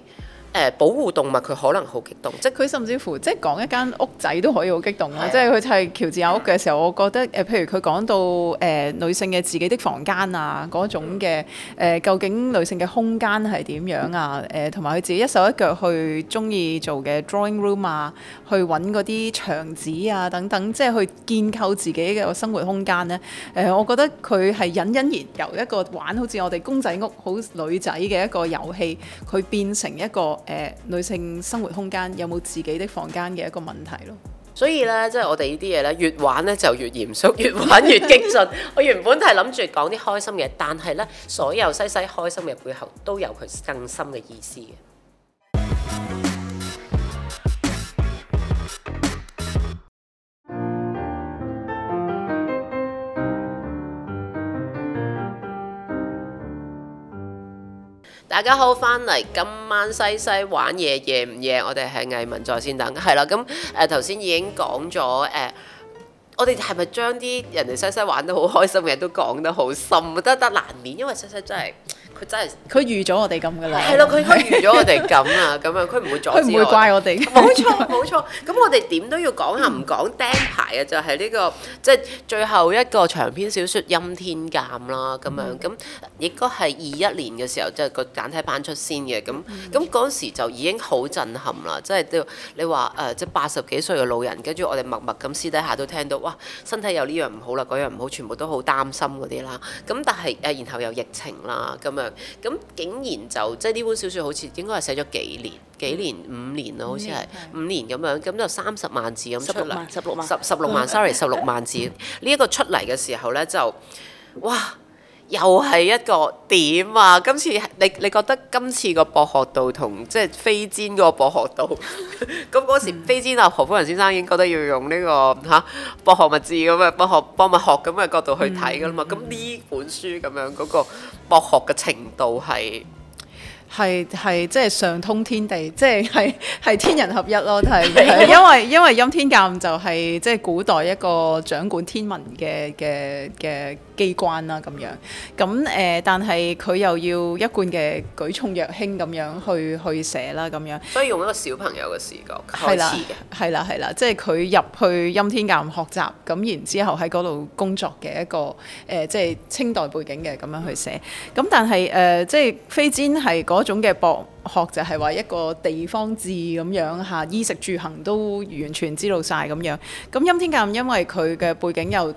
保護動物佢可能好激動，即係佢甚至乎即係講一間屋仔都可以好激動啊！的即係佢係喬治有屋喬治亞屋嘅時候，的我覺得誒，譬如佢講到誒、呃、女性嘅自己的房間啊，嗰種嘅誒、嗯呃、究竟女性嘅空間係點樣啊？誒同埋佢自己一手一腳去中意做嘅 drawing room 啊，去揾嗰啲牆紙啊等等，即係去建構自己嘅生活空間呢、啊。誒、呃，我覺得佢係隱隱然由一個玩好似我哋公仔屋好女仔嘅一個遊戲，佢變成一個。呃、女性生活空間有冇自己的房間嘅一個問題咯？所以呢，即係我哋呢啲嘢呢，越玩呢就越嚴肅，越玩越激進。 我原本係諗住講啲開心嘅，但係呢，所有西西開心嘅背後都有佢更深嘅意思嘅。大家好，翻嚟今晚西西玩嘢，夜唔夜？我哋喺藝文在線等，係啦。咁誒頭先已經講咗誒，我哋係咪將啲人哋西西玩得好開心嘅嘢都講得好深？得得難免，因為西西真係。佢真係佢預咗我哋咁㗎啦，係咯，佢佢預咗我哋咁啊，咁 樣佢唔會阻佢唔會怪我哋，冇錯冇錯。咁 我哋點都要講下唔講釘牌嘅，就係、是、呢、這個即係、就是、最後一個長篇小説《陰天鵟》欽天監啦，咁樣咁亦都係二一年嘅時候，即、就、係、是、個簡體版出先嘅，咁咁嗰時就已經好震撼啦、就是呃，即係都你話誒，即係八十幾歲嘅老人，跟住我哋默默咁私底下都聽到，哇，身體有呢樣唔好啦，嗰樣唔好，全部都好擔心嗰啲啦。咁但係誒、呃，然後有疫情啦，咁啊～咁竟然就即係呢本小説，好似應該係寫咗幾年、幾年、嗯、五年咯，嗯、好似係、嗯、五年咁樣。咁就三十萬字咁出嚟，十六萬，十十六萬，sorry，十六萬字。呢一 個出嚟嘅時候呢，就哇！又係一個點啊！今次你你覺得今次個博學度同即係飛氈個博學度，咁嗰時飛氈阿何福仁先生已經覺得要用呢個嚇博學物質咁嘅博學博物學咁嘅角度去睇噶啦嘛！咁呢本書咁樣嗰個博學嘅程度係係係即係上通天地，即係係係天人合一咯，都係 因為因為欽天監就係即係古代一個掌管天文嘅嘅嘅。機關啦咁樣，咁、嗯、誒，但係佢又要一貫嘅舉重若輕咁樣去去寫啦咁樣。所以用一個小朋友嘅視角開始嘅，係啦係啦，即係佢入去欽天監學習，咁然之後喺嗰度工作嘅一個誒、呃，即係清代背景嘅咁樣去寫。咁、嗯、但係誒、呃，即係飛鈿係嗰種嘅博學，就係、是、話一個地方志咁樣嚇，衣食住行都完全知道晒咁樣。咁欽天監因為佢嘅背景又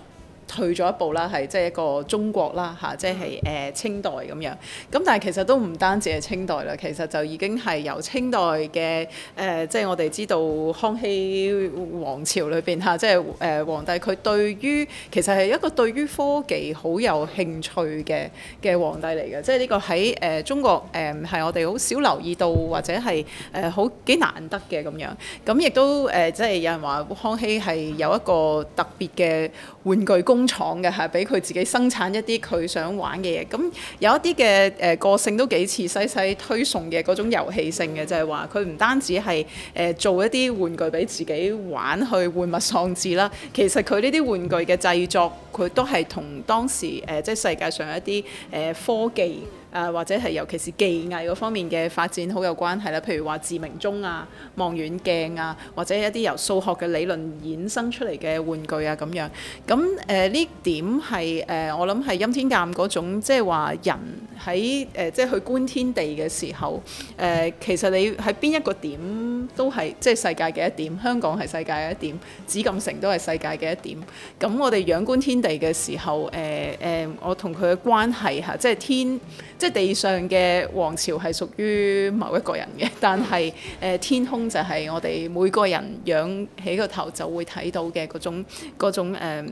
退咗一步啦，係即係一個中國啦吓、啊，即係誒、呃、清代咁樣，咁但係其實都唔單止係清代啦，其實就已經係由清代嘅誒、呃、即係我哋知道康熙皇朝裏邊吓、啊，即係誒、呃、皇帝佢對於其實係一個對於科技好有興趣嘅嘅皇帝嚟嘅。即係呢個喺誒、呃、中國誒係、呃、我哋好少留意到或者係誒好幾難得嘅咁樣，咁亦都誒、呃、即係有人話康熙係有一個特別嘅玩具工具。廠嘅吓，俾佢自己生產一啲佢想玩嘅嘢。咁有一啲嘅誒個性都幾似西，西西推崇嘅嗰種遊戲性嘅，就係話佢唔單止係誒、呃、做一啲玩具俾自己玩去玩物喪志啦。其實佢呢啲玩具嘅製作，佢都係同當時誒、呃、即係世界上一啲誒、呃、科技。誒或者係尤其是技藝嗰方面嘅發展好有關係啦，譬如話自鳴鐘啊、望遠鏡啊，或者一啲由數學嘅理論衍生出嚟嘅玩具啊咁樣。咁誒呢點係誒、呃、我諗係欽天監嗰種，即係話人喺誒即係去觀天地嘅時候，誒、呃、其實你喺邊一個點都係即係世界嘅一點，香港係世界嘅一點，紫禁城都係世界嘅一點。咁我哋仰觀天地嘅時候，誒、呃、誒、呃、我同佢嘅關係嚇，即、啊、係、就是、天。即係地上嘅王朝係屬於某一個人嘅，但係誒、呃、天空就係我哋每個人仰起個頭就會睇到嘅嗰種嗰種誒。呃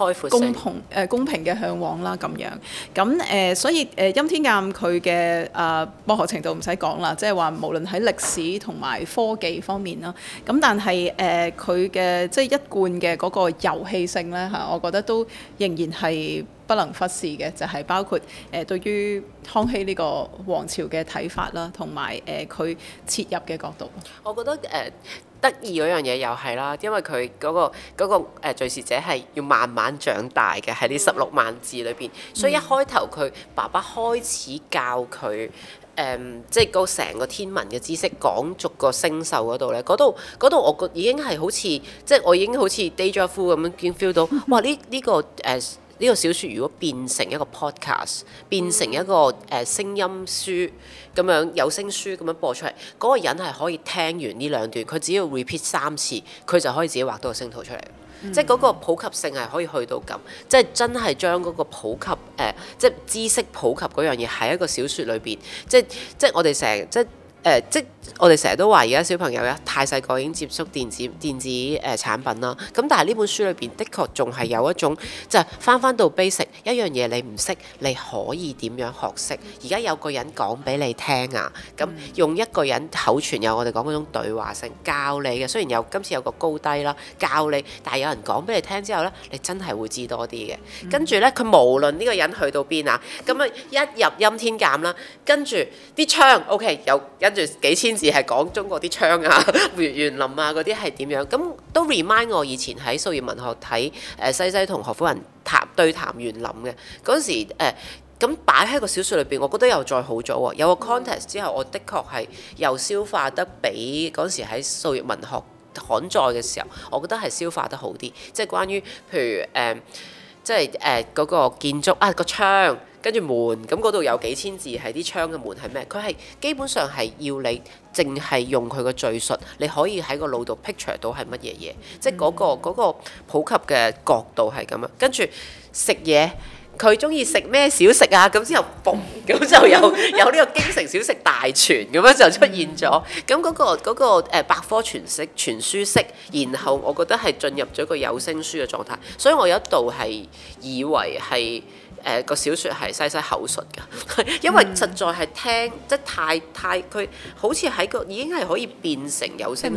公，呃、公平誒，公平嘅向往啦，咁樣。咁誒、呃，所以誒、呃、欽天監佢嘅啊博學程度唔使講啦，即係話無論喺歷史同埋科技方面啦，咁、啊、但係誒佢嘅即係一貫嘅嗰個遊戲性咧嚇、啊，我覺得都仍然係不能忽視嘅，就係、是、包括誒、呃、對於康熙呢個皇朝嘅睇法啦，同埋誒佢切入嘅角度，我覺得誒。呃得意嗰樣嘢又係啦，因為佢嗰個嗰個誒《敘事者》係要慢慢長大嘅，喺呢十六萬字裏邊，所以一開頭佢爸爸開始教佢誒，即係嗰成個天文嘅知識講逐個星宿嗰度咧，嗰度嗰度我覺已經係好似即係我已經好似 deja vu 咁樣已經 feel 到，哇！呢呢個誒。呃呢個小説如果變成一個 podcast，變成一個誒聲、呃、音書咁樣有聲書咁樣播出嚟，嗰、那個人係可以聽完呢兩段，佢只要 repeat 三次，佢就可以自己畫到個星圖出嚟。嗯、即係嗰個普及性係可以去到咁，即係真係將嗰個普及誒、呃，即係知識普及嗰樣嘢喺一個小説裏邊，即係即係我哋成即係。誒、呃，即我哋成日都話，而家小朋友咧太細個已經接觸電子電子誒、呃、產品啦。咁但係呢本書裏邊的確仲係有一種，就係、是、返返到 basic，一樣嘢，你唔識你可以點樣學識？而家有個人講俾你聽啊，咁、嗯、用一個人口傳有我哋講嗰種對話性教你嘅。雖然有今次有個高低啦，教你，但係有人講俾你聽之後呢，你真係會知多啲嘅。跟住呢，佢無論呢個人去到邊啊，咁啊一入陰天減欽天監啦，跟住啲窗 OK 又跟住幾千字係講中國啲窗啊、園林啊嗰啲係點樣？咁都 remind 我以前喺素葉文學睇誒、呃、西西同何福仁談對談園林嘅嗰陣時誒，咁擺喺個小説裏邊，我覺得又再好咗喎、哦。有個 context 之後，我的確係又消化得比嗰陣時喺素葉文學刊載嘅時候，我覺得係消化得好啲。即係關於譬如誒、呃，即係誒嗰個建築啊、嗰個窗。跟住門，咁嗰度有幾千字，係啲窗嘅門係咩？佢係基本上係要你，淨係用佢個敘述，你可以喺個腦度 picture 到係乜嘢嘢，即係嗰個嗰個普及嘅角度係咁樣。跟住食嘢，佢中意食咩小食啊？咁之後，咁就有有呢個京城小食大全咁樣就出現咗。咁嗰個嗰個誒百科全識全書式，然後我覺得係進入咗一個有聲書嘅狀態。所以我有一度係以為係。誒個小說係西西口述㗎，因為實在係聽即係太太佢好似喺個已經係可以變成有小說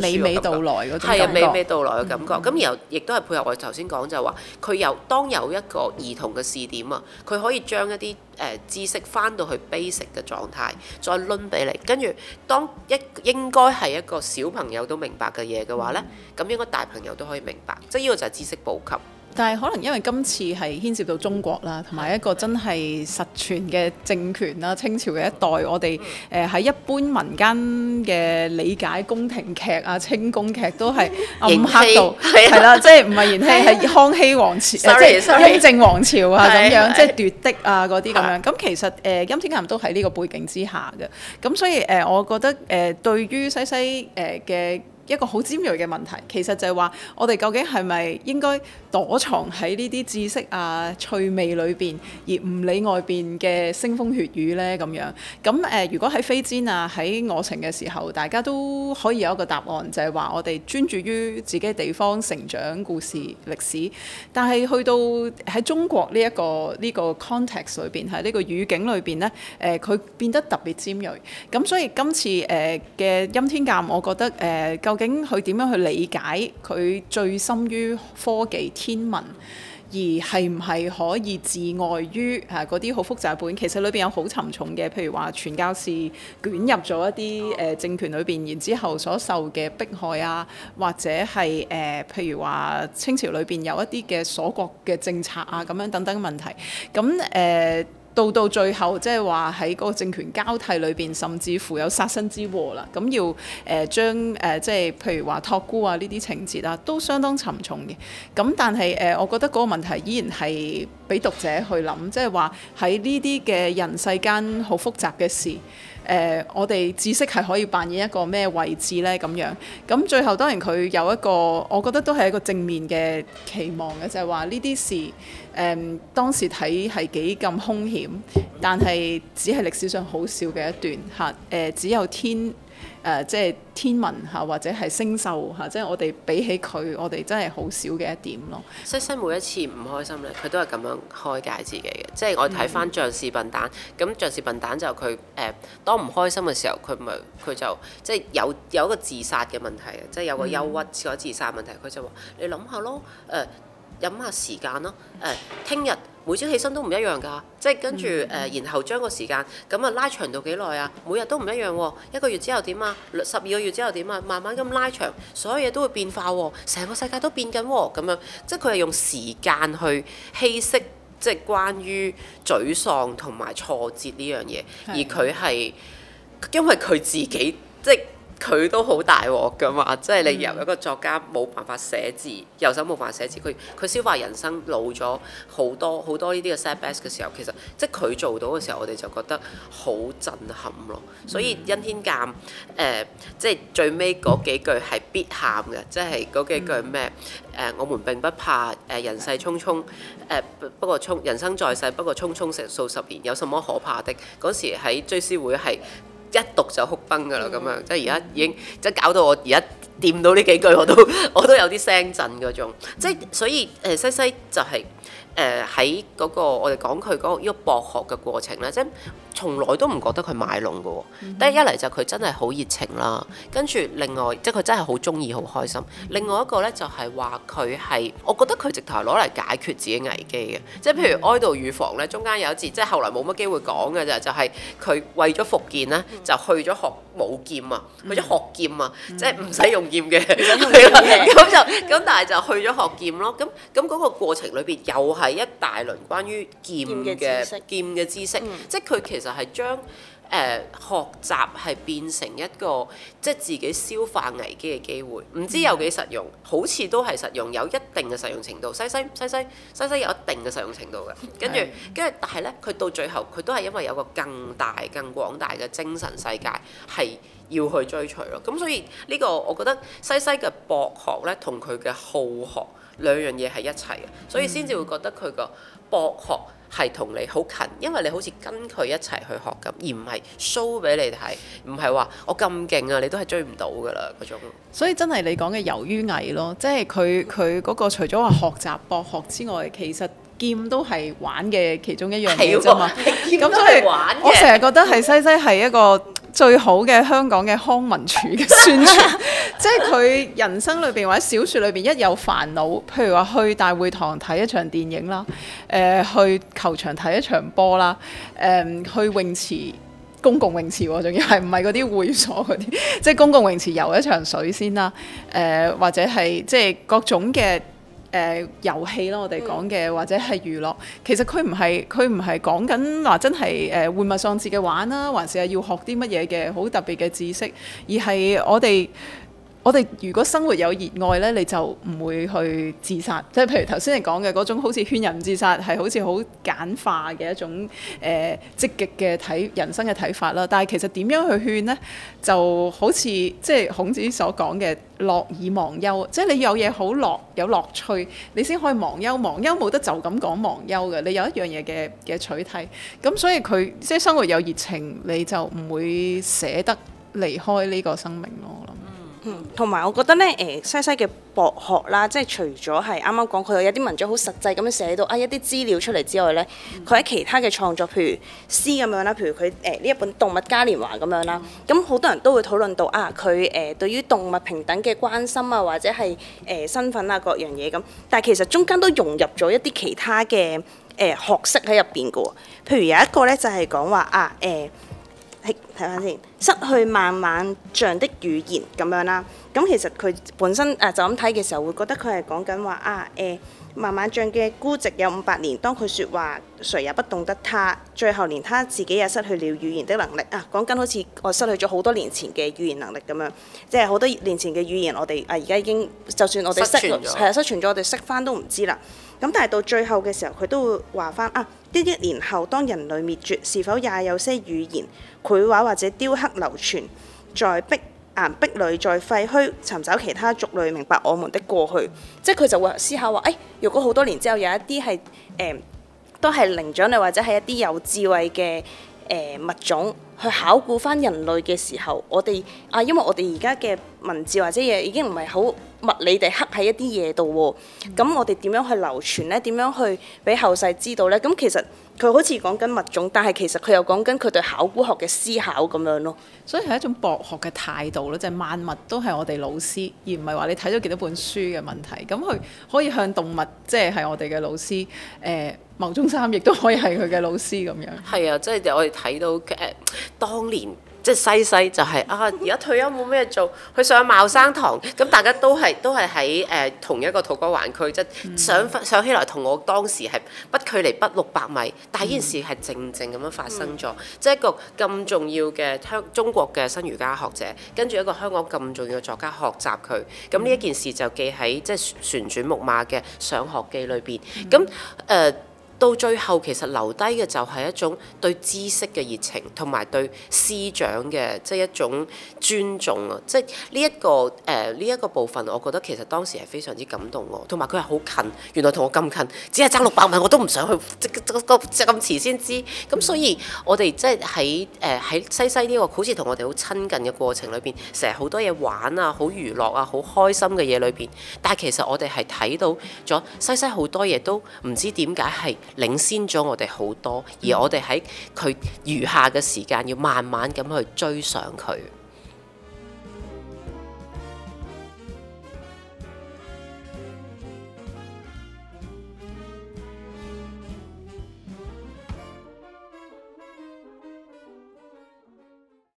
咁樣，係啊，未未到來嘅感覺。咁然後亦都係配合我頭先講就話，佢由當有一個兒童嘅視點啊，佢可以將一啲誒知識翻到去 basic 嘅狀態，再攤俾你。跟住當一應該係一個小朋友都明白嘅嘢嘅話呢，咁應該大朋友都可以明白。即係呢個就係知識普及。但係可能因為今次係牽涉到中國啦，同埋一個真係實存嘅政權啦，清朝嘅一代，我哋誒喺一般民間嘅理解，宮廷劇啊、清宮劇都係暗黑度係啦，即係唔係元氣係 康熙王朝即係雍正王朝啊咁樣，即係奪嫡啊嗰啲咁樣。咁其實誒欽、呃、天監都喺呢個背景之下嘅。咁所以誒、呃，我覺得誒、呃、對於西西誒嘅。呃一個好尖鋭嘅問題，其實就係話我哋究竟係咪應該躲藏喺呢啲知識啊、趣味裏邊，而唔理外邊嘅腥風血雨呢？咁樣咁誒、嗯呃，如果喺飛氈啊、喺我城嘅時候，大家都可以有一個答案，就係、是、話我哋專注於自己嘅地方成長故事、歷史。但係去到喺中國呢、這、一個呢、這個 context 裏邊，喺、這、呢個語境裏邊呢，誒、呃、佢變得特別尖鋭。咁、嗯、所以今次誒嘅欽天監，我覺得誒、呃究竟佢點樣去理解佢最深於科技天文，而係唔係可以自外於啊嗰啲好複雜本？其實裏邊有好沉重嘅，譬如話傳教士捲入咗一啲誒、呃、政權裏邊，然之後所受嘅迫害啊，或者係誒、呃、譬如話清朝裏邊有一啲嘅鎖國嘅政策啊，咁樣等等問題，咁、嗯、誒。呃到到最後，即係話喺嗰個政權交替裏邊，甚至乎有殺身之禍啦。咁要誒、呃、將誒、呃、即係譬如話託孤啊呢啲情節啊，都相當沉重嘅。咁但係誒、呃，我覺得嗰個問題依然係俾讀者去諗，即係話喺呢啲嘅人世間好複雜嘅事，誒、呃、我哋知識係可以扮演一個咩位置呢？咁樣，咁最後當然佢有一個，我覺得都係一個正面嘅期望嘅，就係話呢啲事。誒、嗯、當時睇係幾咁兇險，但係只係歷史上好少嘅一段嚇。誒、啊呃、只有天誒、呃、即係天文嚇、啊，或者係星宿嚇、啊，即係我哋比起佢，我哋真係好少嘅一點咯。西西每一次唔開心咧，佢都係咁樣開解自己嘅。即係我睇翻《象是笨蛋》嗯，咁《象是笨蛋》就佢誒當唔開心嘅時候，佢咪佢就，就即係有有一個自殺嘅問題，即係有個憂鬱有個自殺問題。佢就話：你諗下咯，誒、呃。嗯嗯諗下時間咯，誒、哎，聽日每朝起身都唔一樣㗎，即係跟住誒、嗯呃，然後將個時間咁啊拉長到幾耐啊，每日都唔一樣喎、哦，一個月之後點啊，十二個月之後點啊，慢慢咁拉長，所有嘢都會變化喎、哦，成個世界都變緊喎、哦，咁樣，即係佢係用時間去稀釋，即係關於沮喪同埋挫折呢樣嘢，的而佢係因為佢自己即係。佢都好大鑊㗎嘛，即係你由一個作家冇辦法寫字，嗯、右手冇辦法寫字，佢佢消化人生老咗好多好多呢啲嘅 sadness 嘅時候，其實即係佢做到嘅時候，我哋就覺得好震撼咯。嗯、所以《欽天監》誒、呃、即係最尾嗰幾句係必喊嘅，即係嗰幾句咩誒、嗯呃、我們並不怕誒、呃、人世匆匆誒不過匆人生在世不過匆匆成數十年，有什麼可怕的？嗰時喺追思會係。一讀就哭崩噶啦，咁樣即係而家已經即係搞到我而家掂到呢幾句，我都我都有啲聲震嗰種，即係所以誒、呃、西西就係誒喺嗰個我哋講佢嗰個呢個博學嘅過程啦，即係。從來都唔覺得佢賣弄嘅、哦，第一嚟就佢真係好熱情啦，跟住另外即係佢真係好鍾意、好開心。另外一個咧就係話佢係，我覺得佢直頭攞嚟解決自己危機嘅，即係譬如哀悼乳房咧，中間有一次，即係後來冇乜機會講嘅啫，就係、是、佢為咗復健咧就去咗學武劍啊，去咗學劍啊，即係唔使用劍嘅，咁就咁但係就去咗學劍咯。咁咁嗰個過程裏邊又係一大輪關於劍嘅嘅知識，知識嗯、即係佢其實。就係將誒、呃、學習係變成一個即係自己消化危機嘅機會，唔知有幾實用？好似都係實用，有一定嘅實用程度。西西西西西西有一定嘅實用程度嘅，跟住跟住，但係咧，佢到最後佢都係因為有個更大、更廣大嘅精神世界係要去追隨咯。咁所以呢個我覺得西西嘅博學咧同佢嘅好學兩樣嘢係一齊嘅，所以先至會覺得佢個。嗯博學係同你好近，因為你好似跟佢一齊去學咁，而唔係 show 俾你睇，唔係話我咁勁啊，你都係追唔到噶啦嗰種。所以真係你講嘅遊於藝咯，即係佢佢嗰個除咗話學習博學之外，其實劍都係玩嘅其中一樣嘢啫嘛。咁所以我成日覺得係西西係一個。最好嘅香港嘅康文署嘅宣傳， 即係佢人生裏邊或者小說裏邊一有煩惱，譬如話去大會堂睇一場電影啦，誒、呃、去球場睇一場波啦，誒、呃、去泳池公共泳池、哦，仲要係唔係嗰啲會所嗰啲，即係公共泳池游一場水先啦，誒、呃、或者係即係各種嘅。誒、呃、遊戲啦，我哋講嘅、嗯、或者係娛樂，其實佢唔係佢唔係講緊話真係誒玩物喪志嘅玩啦、啊，還是係要學啲乜嘢嘅好特別嘅知識，而係我哋。我哋如果生活有熱愛呢，你就唔會去自殺。即係譬如頭先你講嘅嗰種好似勸人自殺，係好似好簡化嘅一種誒、呃、積極嘅睇人生嘅睇法啦。但係其實點樣去勸呢？就好似即係孔子所講嘅樂以忘憂，即係你有嘢好樂，有樂趣，你先可以忘憂。忘憂冇得就咁講忘憂嘅，你有一樣嘢嘅嘅取締。咁所以佢即係生活有熱情，你就唔會捨得離開呢個生命咯。我同埋、嗯、我覺得咧，誒、呃、西西嘅博學啦，即係除咗係啱啱講佢有一啲文章好實際咁樣寫到啊一啲資料出嚟之外咧，佢喺、嗯、其他嘅創作，譬如詩咁樣啦，譬如佢誒呢一本《動物嘉年華》咁樣啦，咁好多人都會討論到啊佢誒、呃、對於動物平等嘅關心啊，或者係誒、呃、身份啊各樣嘢咁，但係其實中間都融入咗一啲其他嘅誒、呃、學識喺入邊㗎喎，譬如有一個咧就係、是、講話啊誒。呃呃睇睇翻先看看，失去慢慢像的語言咁樣啦。咁其實佢本身誒就咁睇嘅時候，會覺得佢係講緊話啊誒慢慢像嘅孤寂有五百年。當佢說話，誰也不懂得他。最後連他自己也失去了語言的能力啊！講緊好似我失去咗好多年前嘅語言能力咁樣，即係好多年前嘅語言，我哋啊而家已經就算我哋失係啊失傳咗，我哋識翻都唔知啦。咁但係到最後嘅時候，佢都會話翻啊。一億年後，當人類滅絕，是否也有些語言、繪畫或者雕刻流傳在壁岩壁裏，在廢墟尋找其他族類，明白我們的過去？即係佢就會思考話：誒、哎，若果好多年之後，有一啲係誒都係靈長類，或者係一啲有智慧嘅誒物種。去考古翻人類嘅時候，我哋啊，因為我哋而家嘅文字或者嘢已經唔係好物理地刻喺一啲嘢度喎，咁、嗯、我哋點樣去流傳呢？點樣去俾後世知道呢？咁其實～佢好似講緊物種，但係其實佢又講緊佢對考古學嘅思考咁樣咯。所以係一種博學嘅態度咯，即係萬物都係我哋老師，而唔係話你睇咗幾多本書嘅問題。咁佢可以向動物，即係係我哋嘅老師。誒、呃，牟宗三亦都可以係佢嘅老師咁樣。係啊，即係就我哋睇到誒、呃，當年。即係西西就係、是、啊！而家退休冇咩做，佢上茂生堂，咁大家都係都係喺誒同一個土瓜灣區啫。即上想、嗯、起來同我當時係不距離不六百米，但係呢件事係靜靜咁樣發生咗，嗯、即係一個咁重要嘅香中國嘅新儒家學者，跟住一個香港咁重要嘅作家學習佢，咁呢、嗯、一件事就記喺即係旋轉木馬嘅上學記裏邊。咁誒、嗯。到最後，其實留低嘅就係一種對知識嘅熱情，同埋對師長嘅即係一種尊重啊！即係呢一個誒呢一個部分，我覺得其實當時係非常之感動喎。同埋佢係好近，原來同我咁近，只係爭六百萬我都唔想去，即係咁遲先知。咁所以我哋即係喺誒喺西西呢個好似同我哋好親近嘅過程裏邊，成日好多嘢玩啊，好娛樂啊，好開心嘅嘢裏邊。但係其實我哋係睇到咗西西好多嘢都唔知點解係。領先咗我哋好多，而我哋喺佢餘下嘅時間要慢慢咁去追上佢。